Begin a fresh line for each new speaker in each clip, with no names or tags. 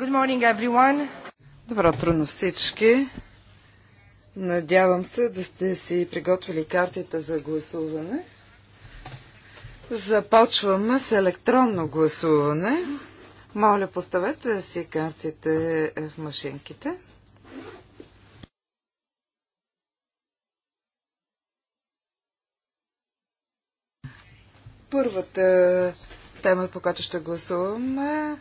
Good morning, everyone. Добро утро на всички. Надявам се да сте си приготвили картите за гласуване. Започваме с електронно гласуване. Моля, поставете си картите в машинките. Първата тема, по която ще гласуваме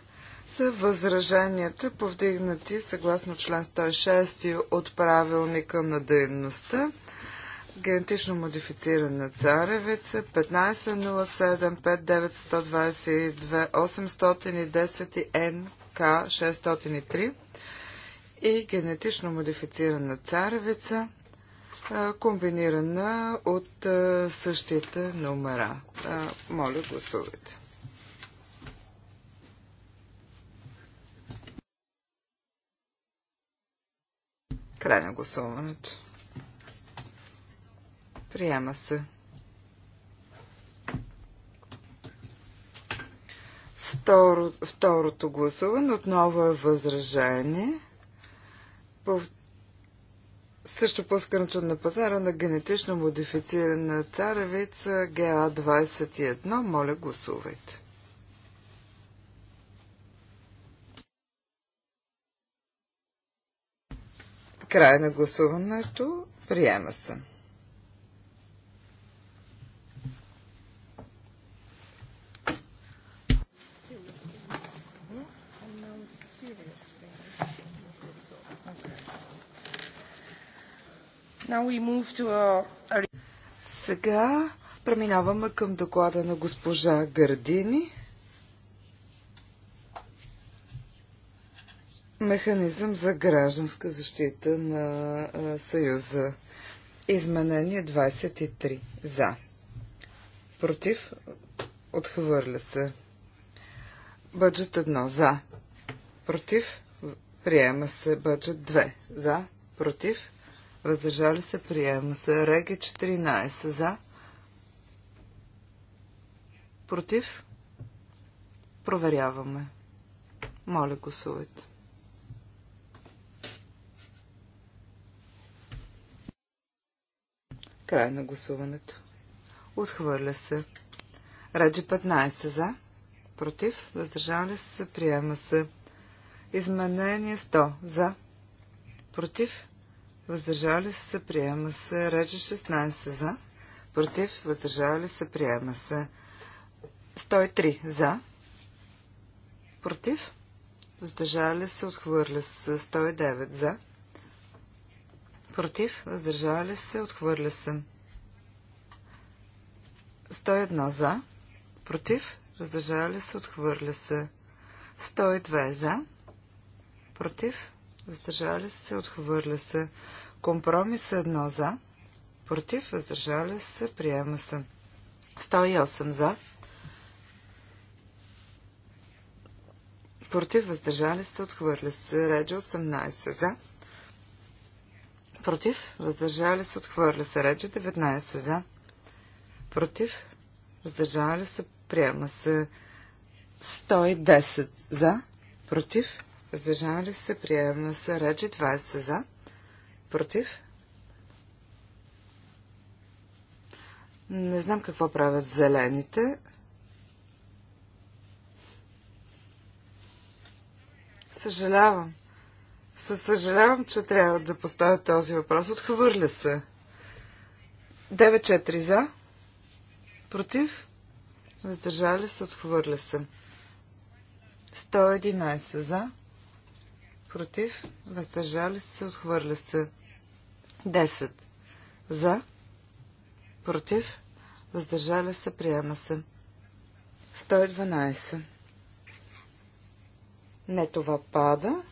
са възраженията, повдигнати съгласно член 106 от правилника на дейността? Генетично модифицирана царевица 1507592810 НК-603 и генетично модифицирана царевица комбинирана от същите номера. Моля, гласувайте. Край на гласуването. Приема се. Второ, второто гласуване отново е възражение. По, също пускането на пазара на генетично модифицирана царевица ГА-21. Моля, гласувайте. Край на гласуването. Приема се. Сега преминаваме към доклада на госпожа Гърдини. механизъм за гражданска защита на Съюза. Изменение 23. За. Против. Отхвърля се. Бъджет 1. За. Против. Приема се. Бъджет 2. За. Против. Въздържали се. Приема се. Реги 14. За. Против. Проверяваме. Моля, гласувайте. Край на гласуването. Отхвърля се. Раджи 15 за. Против. Въздържали се. Приема се. Изменение 100 за. Против. Въздържали се. Приема се. Раджи 16 за. Против. Въздържали се. Приема се. 103 за. Против. Въздържали се. Отхвърля се. 109 за против, въздържали се, отхвърля се. 101 за, против, въздържали се, отхвърля се. 102 за, против, въздържали се, отхвърля се. Компромис 1 за, против, въздържали се, приема се. 108 за, против, въздържали се, отхвърля се. Реджа 18 за, Против. Въздържали се. Отхвърля се. Реджи 19 за. Против. Въздържали се. Приема се. 110 за. Против. Въздържали се. Приема се. Реджи 20 за. Против. Не знам какво правят зелените. Съжалявам. Съжалявам, че трябва да поставя този въпрос. Отхвърля се. 9-4 за. Против. Въздържали се. Отхвърля се. 111 за. Против. Въздържали се. Отхвърля се. 10 за. Против. Въздържали се. Приема се. 112. Не това пада.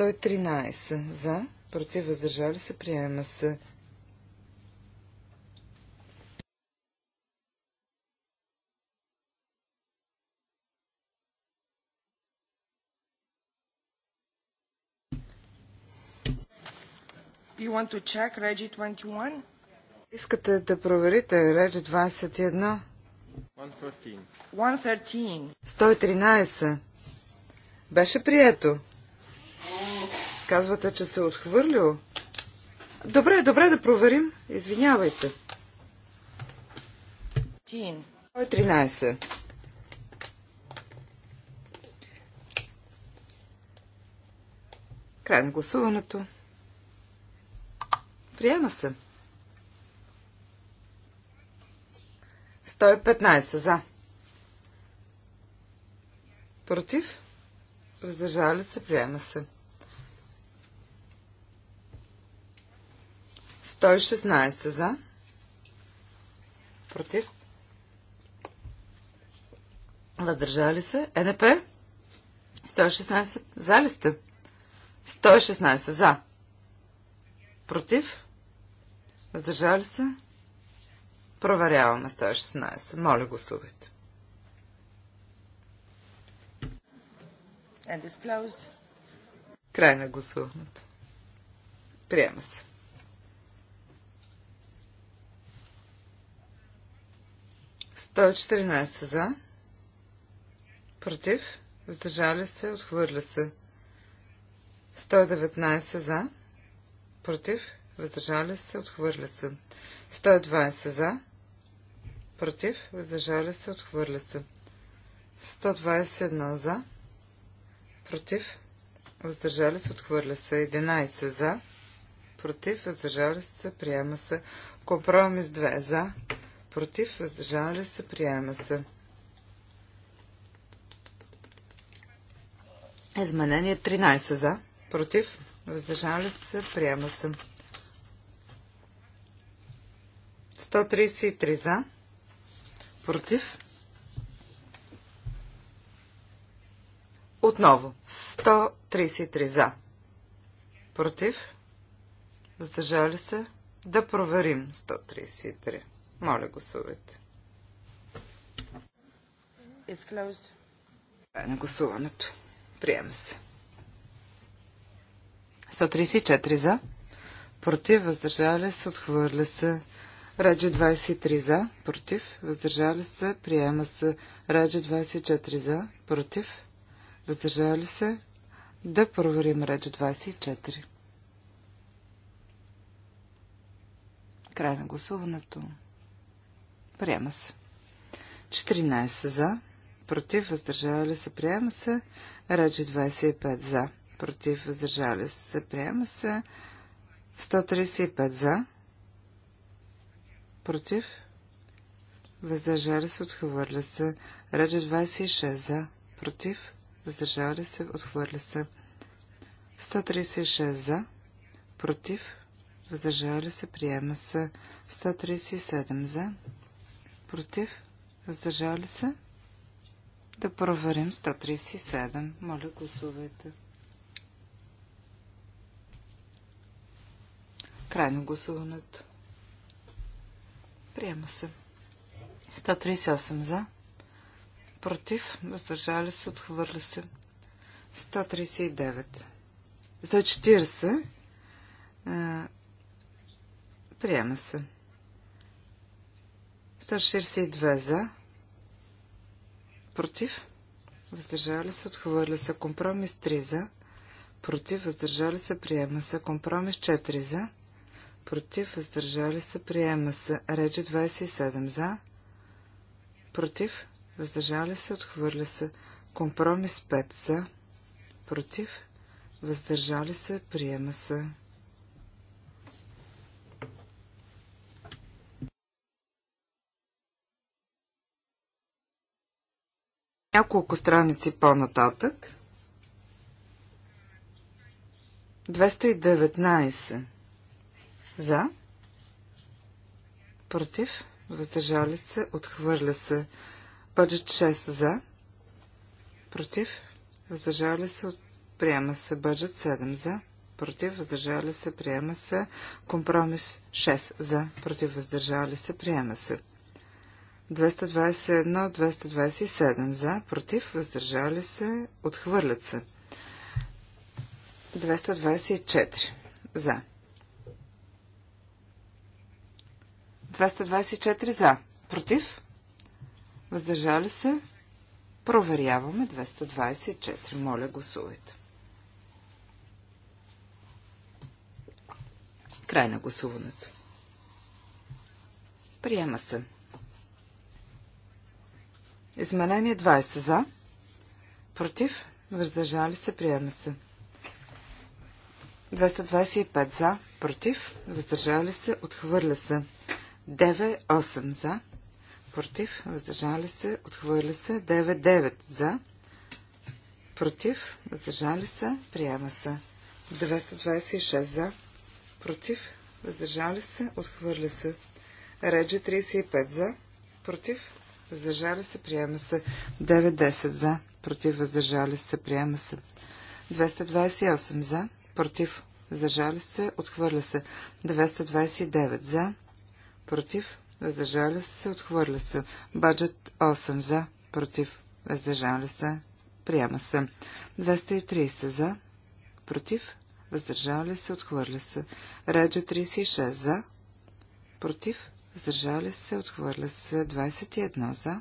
113 за, против, въздържали се, приема се. You want to check Regi 21? Искате да проверите Regi 21? 113. 113. Беше прието казвате, че се е отхвърлил. Добре, добре да проверим. Извинявайте. Той е 13. Край на гласуването. Приема се. 115 за. Против? ли се, приема се. 116 за. Против. Въздържали се. Е НП. 116. За ли сте? 116. За. Против. Въздържали се. Проверяваме 116. Моля, гласувайте. Край на гласуването. Приема се. 114 за. Против. Въздържали се. Отхвърля се. 119 за. Против. Въздържали се. Отхвърля се. 120 за. Против. Въздържали се. Отхвърля се. 121 за. Против. Въздържали се. Отхвърля се. 11 за. Против. Въздържали се. Приема се. Компромис 2 за против, въздържали се, приема се. Изменение 13 за, против, въздържали се, приема се. 133 за, против. Отново, 133 за, против, въздържали се, да проверим 133. Моля, гласувайте. Край на гласуването. Приема се. 134 за. Против, въздържали се, отхвърля се. Реджи 23 за, против, въздържали се, приема се. Реджи 24 за, против, въздържали се. Да проверим Реджи 24. Край на гласуването. Приема се. 14 за. Против. Въздържали се. Приема се. Рече 25 за. Против. Въздържали се. Приема се. 135 за. Против. Въздържали се. Отхвърля се. Рече 26 за. Против. Въздържали се. Отхвърля се. 136 за. Против. Въздържали се. Приема се. 137 за против, въздържали се. Да проверим 137. Моля, гласувайте. Крайно гласуването. Приема се. 138 за. Против. Въздържали се. Отхвърля се. 139. 140. Е, приема се. 162 за. Против. Въздържали се. Отхвърля се. Компромис 3 за. Против. Въздържали се. Приема се. Компромис 4 за. Против. Въздържали се. Приема се. Рече 27 за. Против. Въздържали се. Отхвърля се. Компромис 5 за. Против. Въздържали се. Приема се. Няколко страници по-нататък. 219. За. Против. Въздържали се. Отхвърля се. Бъджет 6 за. Против. Въздържали се. Приема се. Бъджет 7 за. Против. Въздържали се. Приема се. Компромис 6 за. Против. Въздържали се. Приема се. 221-227 за, против, въздържали се, отхвърлят се. 224 за. 224 за. Против? Въздържали се? Проверяваме 224. Моля, гласувайте. Край на гласуването. Приема се. Изменение 20 за. Против. Въздържали се. Приема се. 225 за. Против. Въздържали се. Отхвърля се. 98 за. Против. Въздържали се. Отхвърля се. 99 за. Против. Въздържали се. Приема се. 226 за. Против. Въздържали се. Отхвърля се. Реджи 35 за. Против въздържали се, приема се. 9-10 за, против, въздържали се, приема се. 228 за, против, въздържали се, отхвърля се. 229 за, против, въздържали се, отхвърля се. Баджет 8 за, против, въздържали се, приема се. 230 за, против, въздържали се, отхвърля се. Реджа 36 за, против, въздържали се, отхвърля се 21 за,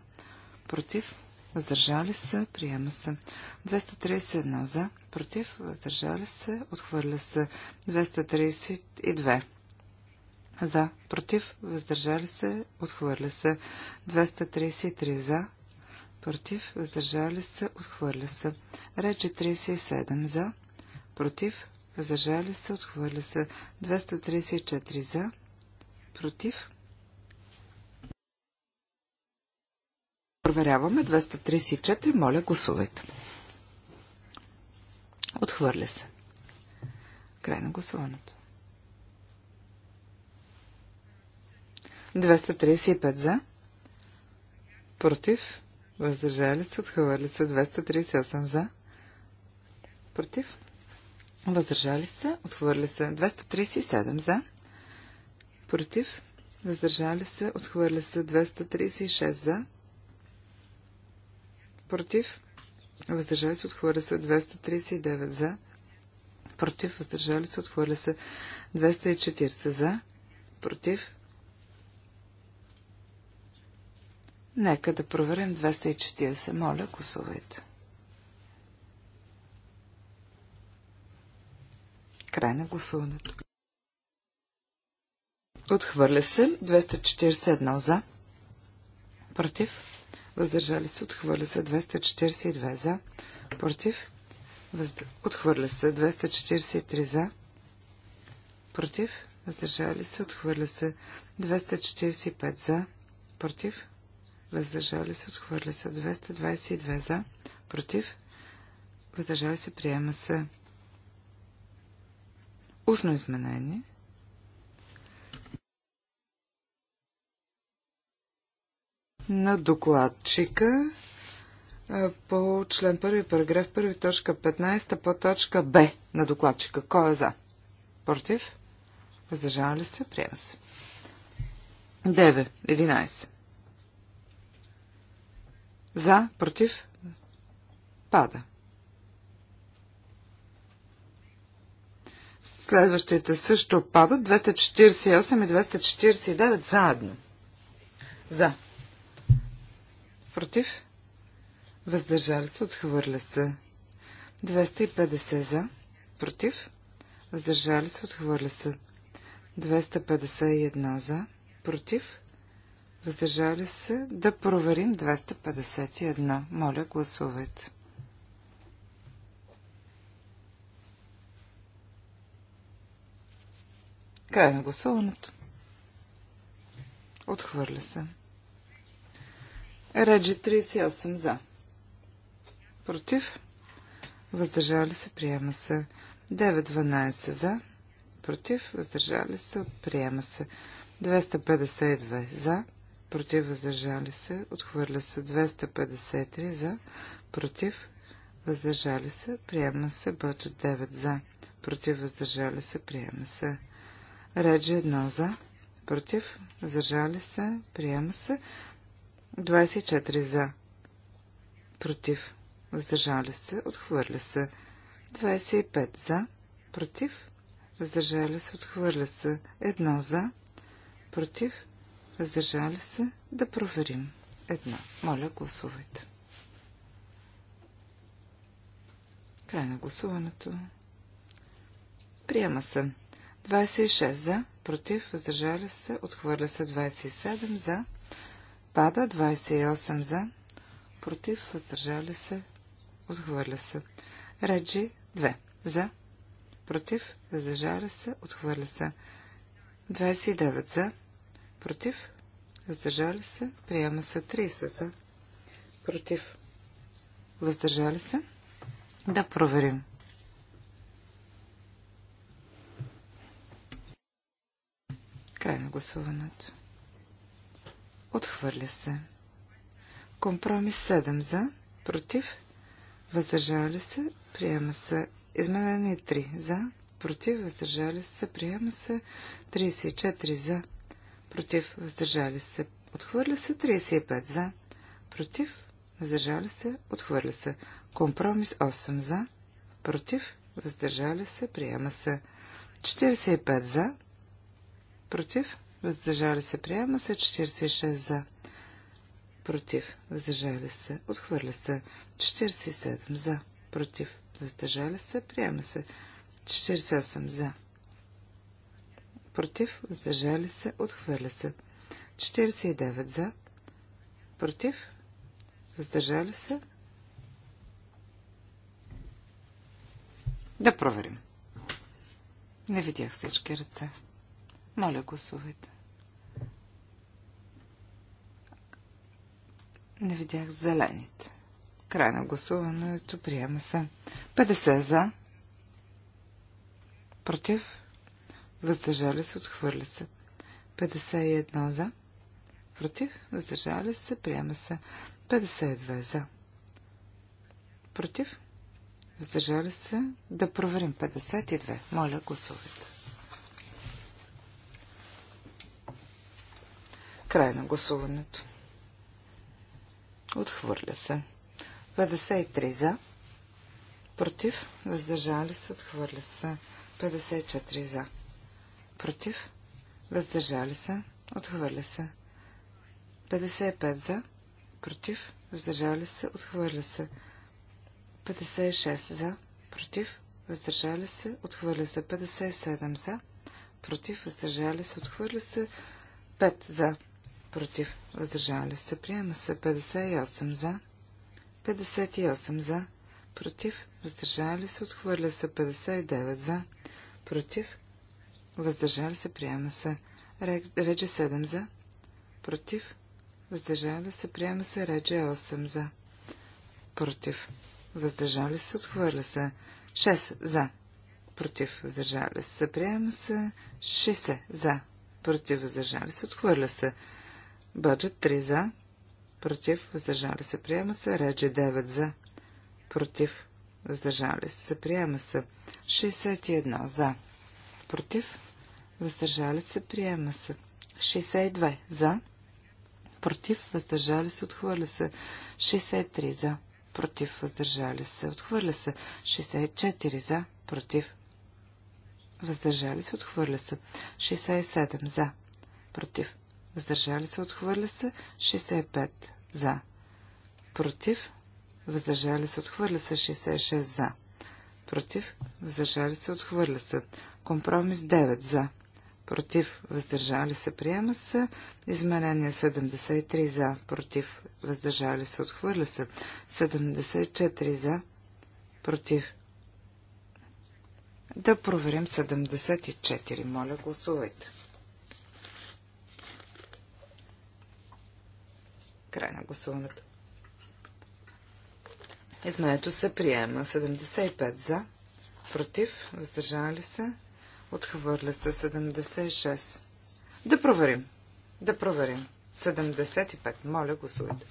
против, въздържали се, приема се 231 за, против, въздържали се, отхвърля се 232 за, против, въздържали се, отхвърля се 233 за, против, въздържали се, отхвърля се. Рече 37 за, против, въздържали се, отхвърля се. 234 за, против, Проверяваме 234. Моля, гласувайте. Отхвърля се. Край на гласуването. 235 за. Против. Въздържали се. Отхвърли се. 238 за. Против. Въздържали се. Отхвърли се. 237 за. Против. Въздържали се. Отхвърли се. 236 за против, въздържали се, отхвърля се 239 за, против, въздържали се, отхвърля се 240 за, против. Нека да проверим 240. Моля, гласувайте. Край на гласуването. Отхвърля се 241 за, против въздържали се, отхвърля се 242 за, против, въздър... отхвърля се 243 за, против, въздържали се, отхвърля се 245 за, против, въздържали се, отхвърля се 222 за, против, въздържали се, приема се устно изменение – на докладчика по член 1, параграф 1, точка 15, по точка Б на докладчика. Кой е за? Против? ли се? Приема се. 9. 11. За? Против? Пада. Следващите също падат. 248 и 249 заедно. За. Против? Въздържали се. Отхвърля се. 250 за. Против? Въздържали се. Отхвърля се. 251 за. Против? Въздържали се. Да проверим 251. Моля, гласувайте. Край на гласуването. Отхвърля се. Реджи 38 за. Против. Въздържали се. Приема се. 9-12 за. Против. Въздържали се. Приема се. 252 за. Против. Въздържали се. Отхвърля се. 253 за. Против. Въздържали се. Приема се. Бочет 9 за. Против. Въздържали се. Приема се. Реджи 1 за. Против. Въздържали се. Приема се. 24 за. Против. Въздържали се. Отхвърля се. 25 за. Против. Въздържали се. Отхвърля се. 1 за. Против. Въздържали се. Да проверим. Едно. Моля, гласувайте. Край на гласуването. Приема се. 26 за. Против. Въздържали се. Отхвърля се. 27 за Пада 28 за. Против. Въздържали се. Отхвърля се. Реджи 2. За. Против. Въздържали се. Отхвърля се. 29 за. Против. Въздържали се. Приема се 30 за. Против. Въздържали се. Да проверим. Край на гласуването. Отхвърля се. Компромис 7 за. Против. Въздържали се. Приема се. Изменение 3 за. Против. Въздържали се. Приема се. 34 за. Против. Въздържали се. Отхвърля се. 35 за. Против. Въздържали се. Отхвърля се. Компромис 8 за. Против. Въздържали се. Приема се. 45 за. Против въздържали се, приема се, 46 за, против, въздържали се, отхвърля се, 47 за, против, въздържали се, приема се, 48 за, против, въздържали се, отхвърля се, 49 за, против, въздържали се. Да проверим. Не видях всички ръце. Моля, гласувайте. Не видях зелените. Край на гласуването. Приема се. 50 за. Против. Въздържали се. Отхвърля се. 51 за. Против. Въздържали се. Приема се. 52 за. Против. Въздържали се. Да проверим 52. Моля, гласувайте. Край на гласуването. Отхвърля се. 53 за. Против. Въздържали се. Отхвърля се. 54 за. Против. Въздържали се. Отхвърля се. 55 за. Против. Въздържали се. Отхвърля се. 56 за. Против. Въздържали се. Отхвърля се. 57 за. Против. Въздържали се. Отхвърля се. 5 за против, въздържали се, приема се 58 за, 58 за, против, въздържали се, отхвърля се 59 за, против, въздържали се, приема се, реджи е 7 за, против, въздържали се, приема се, реджи 8 е за, против, въздържали се, отхвърля се, 6 за, против, въздържали се, приема се, 60 за, против, въздържали се, отхвърля се, Бъджет 3 за, против, въздържали се, приема се. Реджи 9 за, против, въздържали се, приема се. 61 за, против, въздържали се, приема се. 62 за, против, въздържали се, отхвърля се. 63 за, против, въздържали се, отхвърля се. 64 за, против, въздържали се, отхвърля се. 67 за, против, въздържали се, отхвърля се, 65 за, против, въздържали се, отхвърля се, 66 за, против, въздържали се, отхвърля се, компромис 9 за, против, въздържали се, приема се, изменение 73 за, против, въздържали се, отхвърля се, 74 за, против. Да проверим 74, моля гласувайте. Край на гласуването. Изменето се приема. 75 за, против, въздържали се, отхвърля се 76. Да проверим. Да проверим. 75. Моля, гласувайте.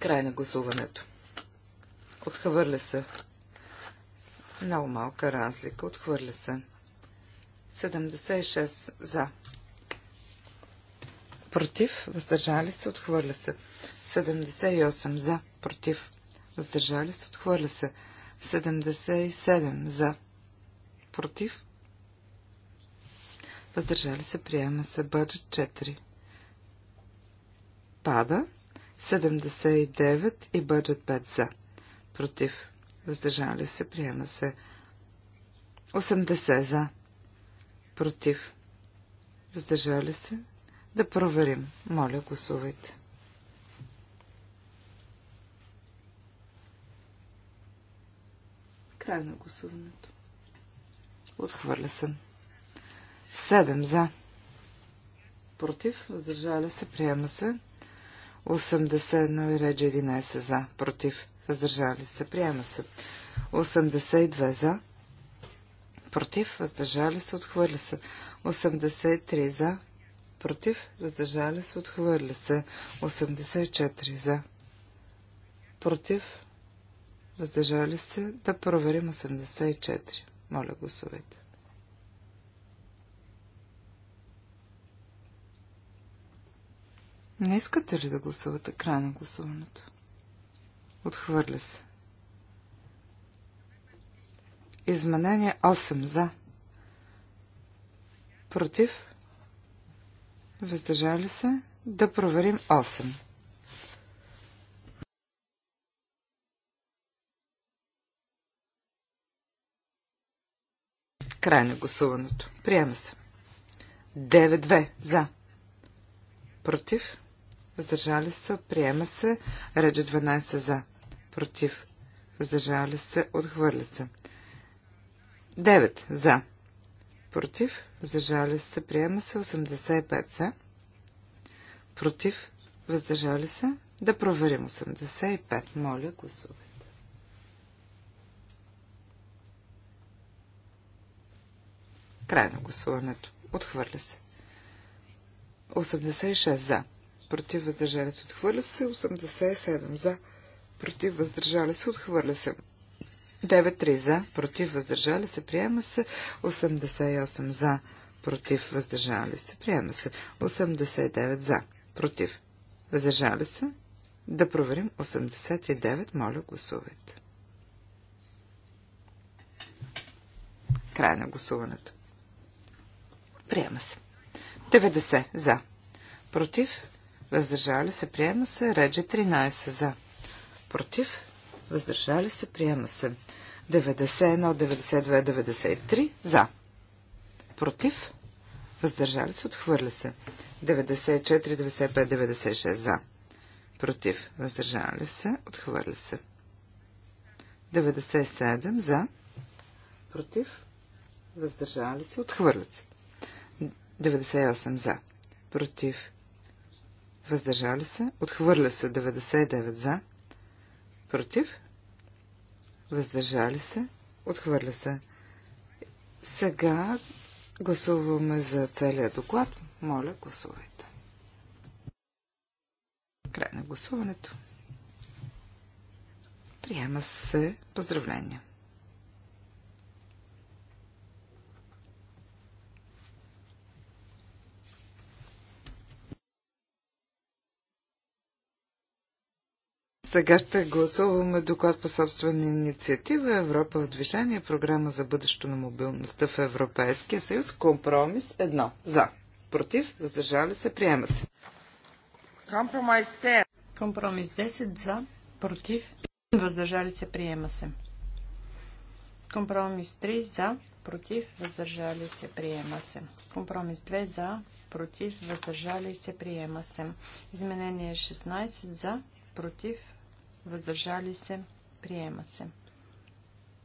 Край на гласуването. Отхвърля се. много малка разлика. Отхвърля се. 76 за против, въздържали се, отхвърля се. 78 за, против, въздържали се, отхвърля се. 77 за, против, въздържали се, приема се. Бъджет 4 пада. 79 и бъджет 5 за, против, въздържали се, приема се. 80 за, против, въздържали се, да проверим. Моля, гласувайте. Край на гласуването. Отхвърля се. Седем за. Против. Въздържали се. Приема се. 81 и реджа 11 за. Против. Въздържали се. Приема се. 82 за. Против. Въздържали се. Отхвърля се. 83 за против, въздържали се, отхвърля се. 84 за, против, въздържали се, да проверим 84. Моля, гласувайте. Не искате ли да гласувате край на гласуването? Отхвърля се. Изменение 8 за. Против въздържали се, да проверим 8. Край на гласуването. Приема се. 9-2 за. Против. Въздържали се. Приема се. Реджа 12 за. Против. Въздържали се. Отхвърля се. 9 за против, въздържали се, приема се 85 за, против, въздържали се, да проверим 85, моля гласувайте. Край на гласуването. Отхвърля се. 86 за. Против въздържали се. Отхвърля се. 87 за. Против въздържали се. Отхвърля се. 9-3 за, против, въздържали се, приема се. 88 за, против, въздържали се, приема се. 89 за, против, въздържали се. Да проверим 89, моля гласувайте. Край на гласуването. Приема се. 90 за. Против. Въздържали се. Приема се. Реджи 13 за. Против. Въздържали се. Приема се. 91, 92, 93 за. Против. Въздържали се. Отхвърля се. 94, 95, 96 за. Против. Въздържали се. Отхвърля се. 97 за. Против. Въздържали се. Отхвърлят се. 98 за. Против. Въздържали се. Отхвърля се. 99 за. Против въздържали се, отхвърля се. Сега гласуваме за целия доклад. Моля, гласувайте. Край на гласуването. Приема се поздравления. Сега ще гласуваме доклад по собствена инициатива Европа в движение, програма за бъдещо на мобилността в Европейския съюз. Компромис едно. За. Против. Въздържали се. Приема се.
Компромис 10. Компромис 10. За. Против. Въздържали се. Приема се. Компромис 3. За. Против. Въздържали се. Приема се. Компромис 2. За. Против. Въздържали се. Приема се. Изменение 16. За. Против въздържали се, приема се.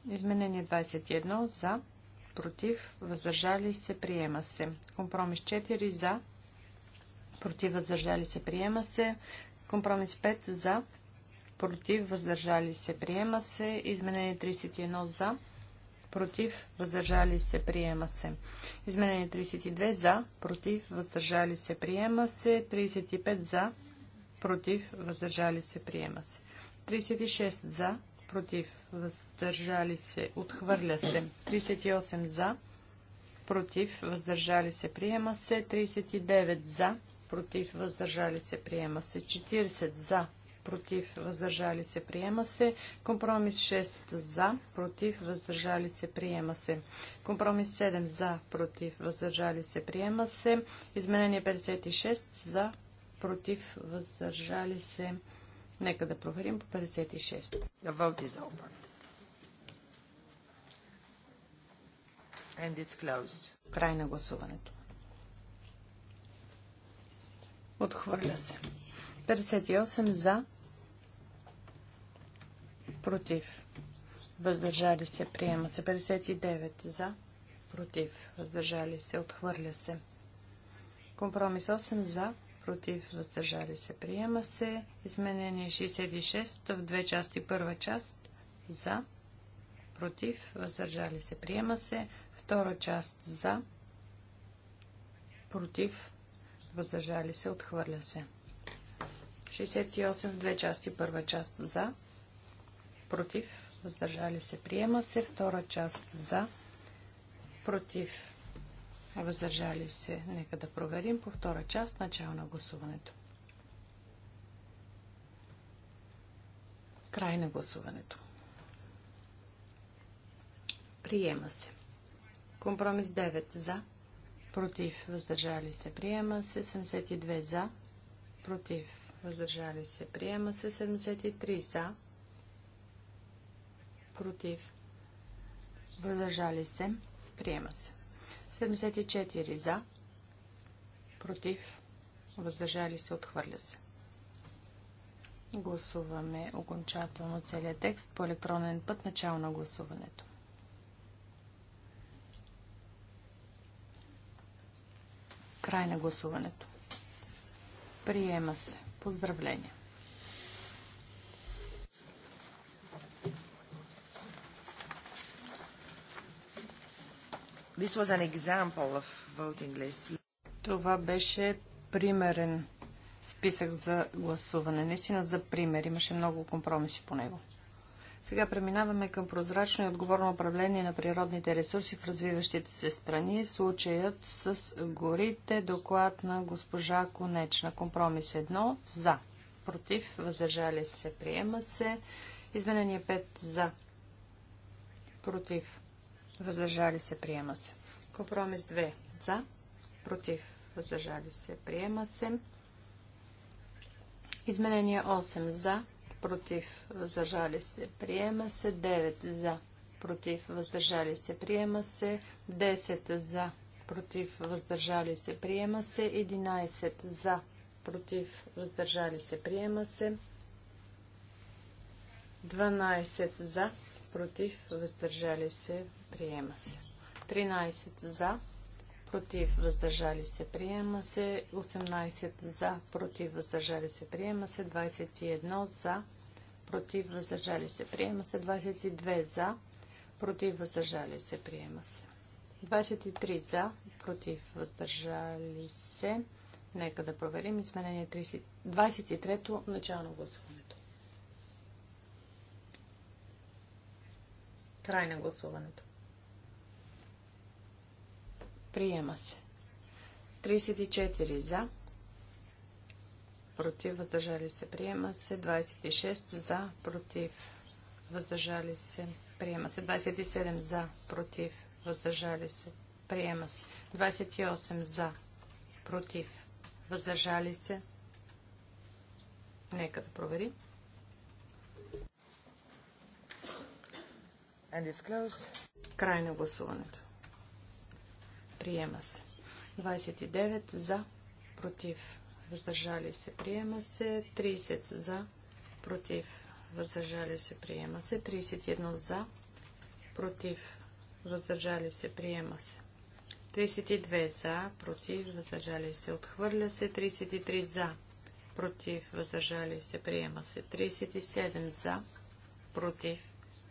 Изменение 21 за, против, въздържали се, приема се. Компромис 4 за, против, въздържали се, приема се. Компромис 5 за, против, въздържали се, приема се. Изменение 31 за, против, въздържали се, приема се. Изменение 32 за, против, въздържали се, приема се. 35 за, против, въздържали се, приема се. 36 за, против, въздържали се, отхвърля се. 38 за, против, въздържали се, приема се. 39 за, против, въздържали се, приема се. 40 за, против, въздържали се, приема се. Компромис 6 за, против, въздържали се, приема се. Компромис 7 за, против, въздържали се, приема се. Изменение 56 за, против, въздържали се, приема се Нека да проверим по 56. The vote is open. And it's closed. Край на гласуването. Отхвърля се. 58 за. Против. Въздържали се. Приема се. 59 за. Против. Въздържали се. Отхвърля се. Компромис 8 за против, въздържали се, приема се. Изменение 66 в две части. Първа част за, против, въздържали се, приема се. Втора част за, против, въздържали се, отхвърля се. 68 в две части. Първа част за, против, въздържали се, приема се. Втора част за, против, въздържали се. Нека да проверим по втора част начало на гласуването. Край на гласуването. Приема се. Компромис 9 за. Против. Въздържали се. Приема се. 72 за. Против. Въздържали се. Приема се. 73 за. Против. Въздържали се. Приема се. 74 за, против, въздържали се, отхвърля се. Гласуваме окончателно целият текст по електронен път, начало на гласуването. Край на гласуването. Приема се. Поздравления! This was an example of voting list. Това беше примерен списък за гласуване. Наистина за пример. Имаше много компромиси по него. Сега преминаваме към прозрачно и отговорно управление на природните ресурси в развиващите се страни. Случаят с горите. Доклад на госпожа Конечна. Компромис Едно. За. Против. Въздържали се. Приема се. Изменение 5. За. Против въздържали се, приема се. Компромис 2 за, против, въздържали се, приема се. Изменение 8 за, против, въздържали се, приема се. 9 за, против, въздържали се, приема се. 10 за, против, въздържали се, приема се. 11 за, против, въздържали се, приема се. 12 за, против, въздържали се, приема се. 13 за, против, въздържали се, приема се. 18 за, против, въздържали се, приема се. 21 за, против, въздържали се, приема се. 22 за, против, въздържали се, приема се. 23 за, против, въздържали се. Нека да проверим изменение 30... 23-то, начало гласуването. Край на гласуването. Приема се. 34 за. Против. Въздържали се. Приема се. 26 за. Против. Въздържали се. Приема се. 27 за. Против. Въздържали се. Приема се. 28 за. Против. Въздържали се. Нека да проверим. Край на гласуването. Приема се. 29 за, против, въздържали се, приема се. 30 за, против, въздържали се, приема се. 31 за, против, въздържали се, приема се. 32 за, против, въздържали се, отхвърля се. 33 за, против, въздържали се, приема се. 37 за, против,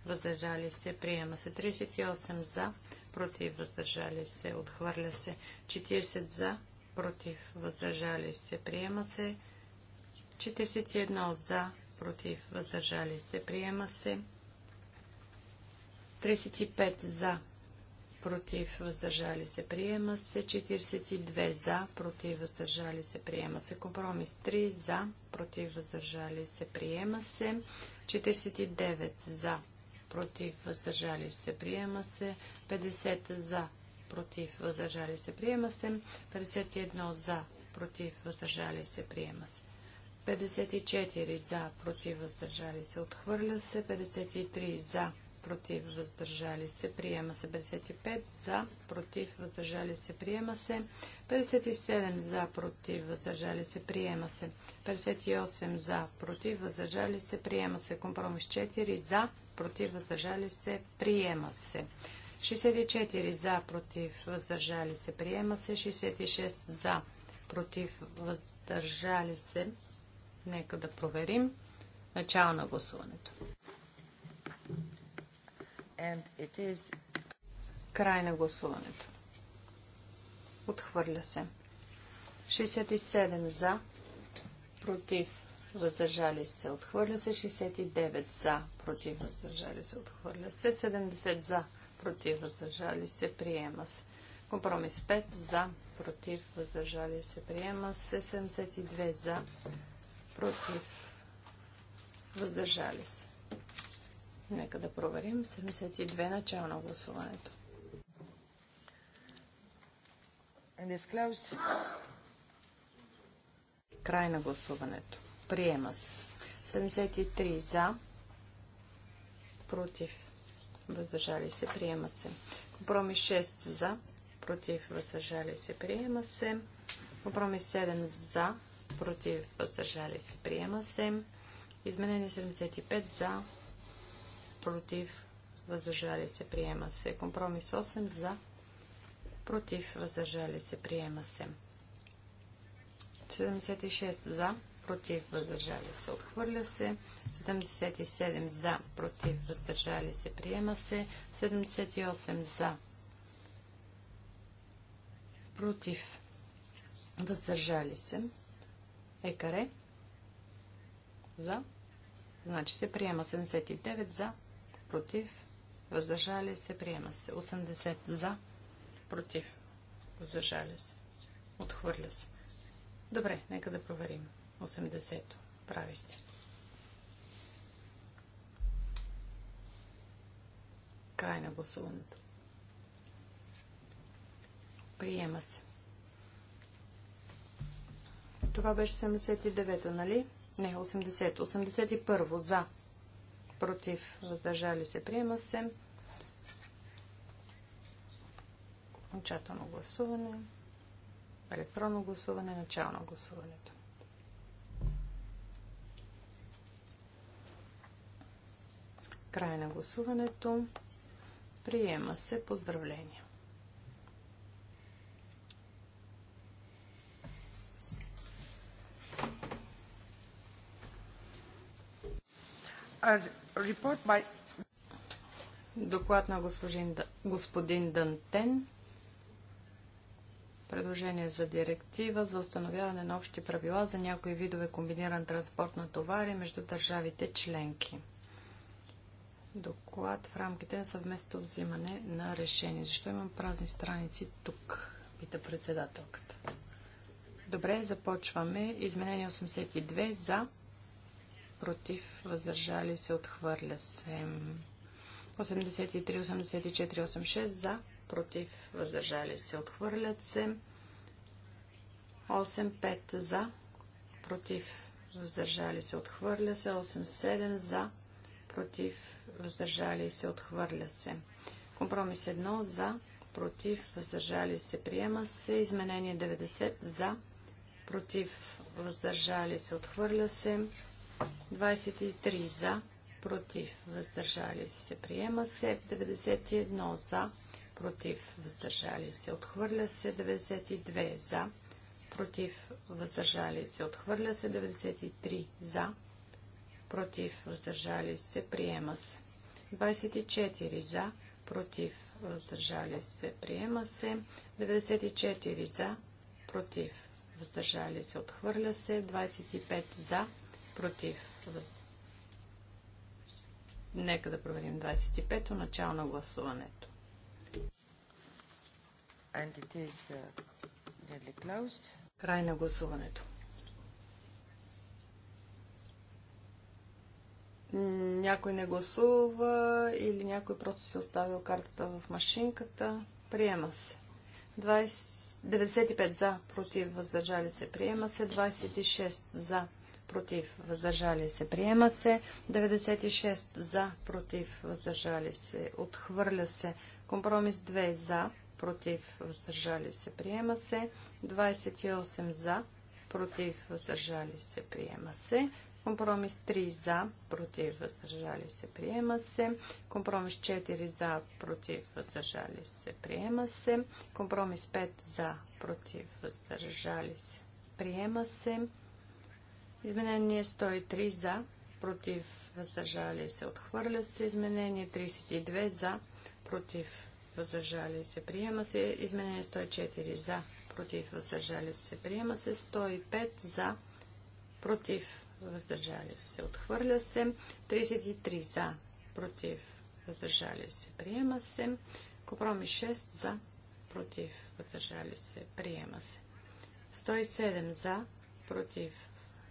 въздържали се, приема се. 38 за, против, въздържали се, отхвърля се. 40 за, против, въздържали се, приема се. 41 за, против, въздържали се, приема се. 35 за, против, въздържали се, приема се. 42 за, против, въздържали се, приема се. Компромис 3 за, против, въздържали се, приема се. 49 за, против, въздържали се, приема се. 50 за, против, въздържали се, приема се. 51 за, против, въздържали се, приема се. 54 за, против, въздържали се, отхвърля се. 53 за, против, въздържали се, приема се. 55 за, против, въздържали се, приема се. 57 за, против, въздържали се, приема се. 58 за, против, въздържали се, приема се. Компромис 4 за, против, въздържали се, приема се. 64 за, против, въздържали се, приема се. 66 за, против, въздържали се. Нека да проверим. Начало на гласуването. And it is... Край на гласуването. Отхвърля се. 67 за, против, въздържали се, отхвърля се, 69 за, против, въздържали се, отхвърля се, 70 за, против, въздържали се, приема се. Компромис 5 за, против, въздържали се, приема се, 72 за, против, въздържали се. Нека да проверим 72 начало на гласуването. Край на гласуването. Приема се. 73 за. Против. Въздържали се. Приема се. Компромис 6 за. Против. Въздържали се. Приема се. Компромис 7 за. Против. Въздържали се. Приема се. Изменение 75 за. Против. Въздържали се. Приема се. Компромис 8 за. Против. Въздържали се. Приема се. 76 за против, въздържали се, отхвърля се. 77 за, против, въздържали се, приема се. 78 за, против, въздържали се. Екаре. За. Значи се приема 79 за, против, въздържали се, приема се. 80 за, против, въздържали се. Отхвърля се. Добре, нека да проверим. 80-то. Прави сте. Край на гласуването. Приема се. Това беше 79-то, нали? Не, 80-то. 81 то За. Против. Въздържали се. Приема се. Окончателно гласуване. Електронно гласуване. Начало на гласуването. Край на гласуването. Приема се. Поздравления. By... Доклад на господин, господин Дантен. Предложение за директива за установяване на общи правила за някои видове комбиниран транспорт на товари между държавите членки. Доклад в рамките на съвместното взимане на решение. Защо имам празни страници тук? Пита председателката. Добре, започваме. Изменение 82 за, против, въздържали се, отхвърля се. 83, 84, 86 за, против, въздържали се, отхвърлят се. 8-5 за, против, въздържали се, отхвърля се. 8-7 за, против, въздържали се, отхвърля се. Компромис 1 за, против, въздържали се, приема се. Изменение 90 за, против, въздържали се, отхвърля се. 23 за, против, въздържали се, приема се. 91 за, против, въздържали се, отхвърля се. 92 за, против, въздържали се, отхвърля се. 93 за, против, въздържали се, приема се. 24 за, против, въздържали се, приема се. 94 за, против, въздържали се, отхвърля се. 25 за, против, въз... Нека да проверим 25-то, начало на гласуването. Uh, Край на гласуването. някой не гласува или някой просто си е оставил картата в машинката. Приема се. 20... 95 за, против, въздържали се, приема се. 26 за, против, въздържали се, приема се. 96 за, против, въздържали се, отхвърля се. Компромис 2 за, против, въздържали се, приема се. 28 за, против, въздържали се, приема се. Компромис 3 за, против, въздържали се, приема се. Компромис 4 за, против, въздържали се, приема се. Компромис 5 за, против, въздържали се, приема се. Изменение 103 за, против, въздържали се, отхвърля се. Изменение 32 за, против, въздържали се, приема се. Изменение 104 за, против, въздържали се, приема се. 105 за, против, въздържали се, отхвърля се. 33 за, против, въздържали се, приема се. Копроми 6 за, против, въздържали се, приема се. 107 за, против,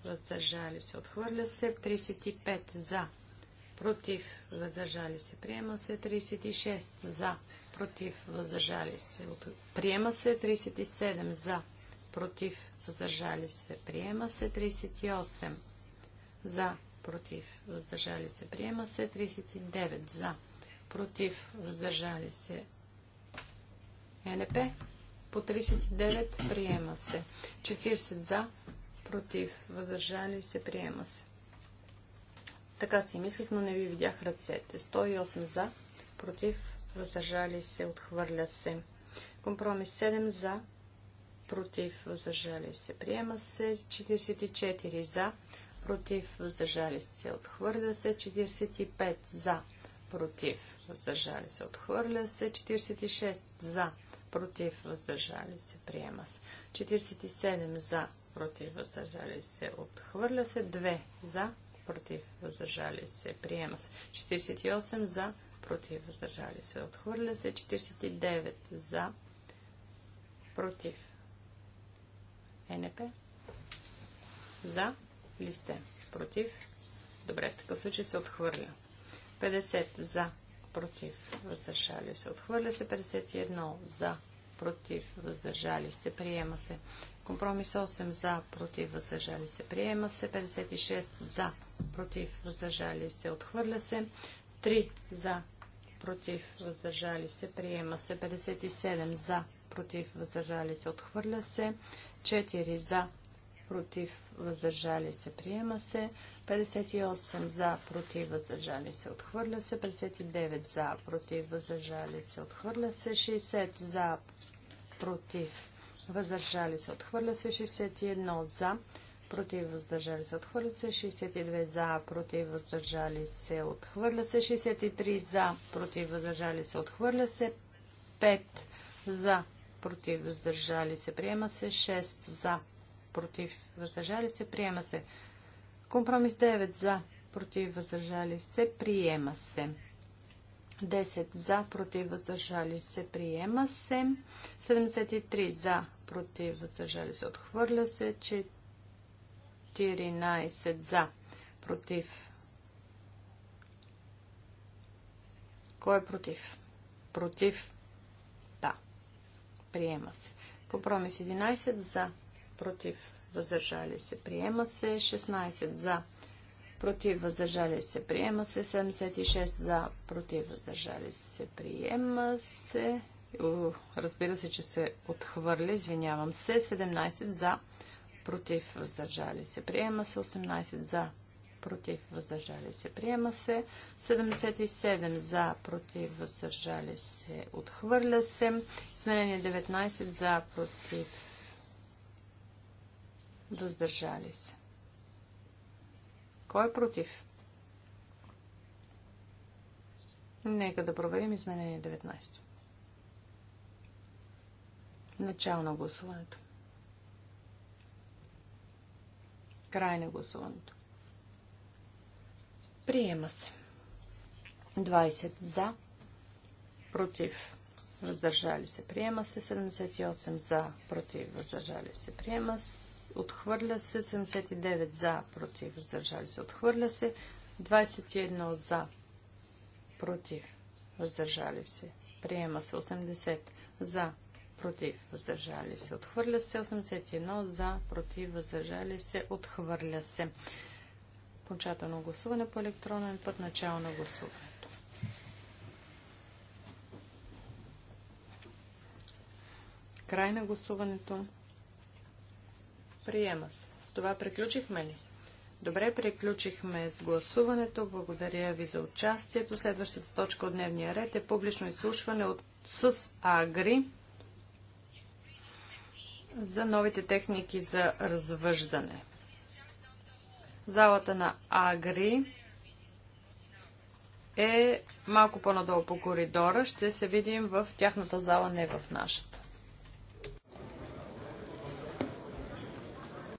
въздържали се, отхвърля се. 35 за, против, въздържали се, приема се. 36 за, против, въздържали се, приема се. 37 за, против, въздържали се, приема се. 38 за, против, въздържали се, приема се. 39 за, против, въздържали се, НП. По 39 приема се. 40 за, против, въздържали се, приема се. Така си мислих, но не ви видях ръцете. 108 за, против, въздържали се, отхвърля се. Компромис 7 за, против, въздържали се, приема се. 44 за, против, въздържали се, отхвърля се. 45 за, против, въздържали се, отхвърля се. 46 за, против, въздържали се, приема се. 47 за, против, въздържали се, отхвърля се. 2 за, против, въздържали се, приема се. 48 за, против, въздържали се, отхвърля се. 49 за, против, е, НП, за, ли сте? Против? Добре, в такъв случай се отхвърля. 50 за, против, въздържали се. Отхвърля се 51 за, против, въздържали се. Приема се. Компромис 8 за, против, въздържали се. Приема се. 56 за, против, въздържали се. Отхвърля се. 3 за, против, въздържали се. Приема се. 57 за, против, въздържали се. Отхвърля се. 4 за, против, въздържали се, приема се. 58 за, против, въздържали се, отхвърля се. 59 за, против, въздържали се, отхвърля се. 60 за, против, въздържали се, отхвърля се. 61 за, против, въздържали се, отхвърля се. 62 за, против, въздържали се, отхвърля се. 63 за, против, въздържали се, отхвърля се. 5 за, против, въздържали се, приема се. 6 за, против, въздържали се, приема се. Компромис 9 за, против, въздържали се, приема се. 10 за, против, въздържали се, приема се. 73 за, против, въздържали се, отхвърля се. 14 за, против. Кой е против? Против. Да. Приема се. Компромис 11 за, против, въздържали се, приема се. 16 за, против, въздържали се, приема се. 76 за, против, въздържали се, приема се. Разбира се, че се отхвърли, извинявам се. 17 за, против, въздържали се, приема се. 18 за, против, въздържали се. Приема се. 77 за, против, въздържали се. Отхвърля се. Изменение 19 за, против, Въздържали се. Кой е против? Нека да проверим изменение 19. Начало на гласуването. Край на гласуването. Приема се. 20 за, против, въздържали се, приема се. 78 за, против, въздържали се, приема се отхвърля се, 79 за, против, въздържали се, отхвърля се, 21 за, против, въздържали се, приема се, 80 за, против, въздържали се, отхвърля се, 81 за, против, въздържали се, отхвърля се. Окончателно гласуване по електронен път, начало на гласуването. Край на гласуването. Приема се. С това приключихме ли? Добре, приключихме с гласуването. Благодаря ви за участието. Следващата точка от дневния ред е публично изслушване от с Агри за новите техники за развъждане. Залата на Агри е малко по-надолу по коридора. Ще се видим в тяхната зала, не в нашата.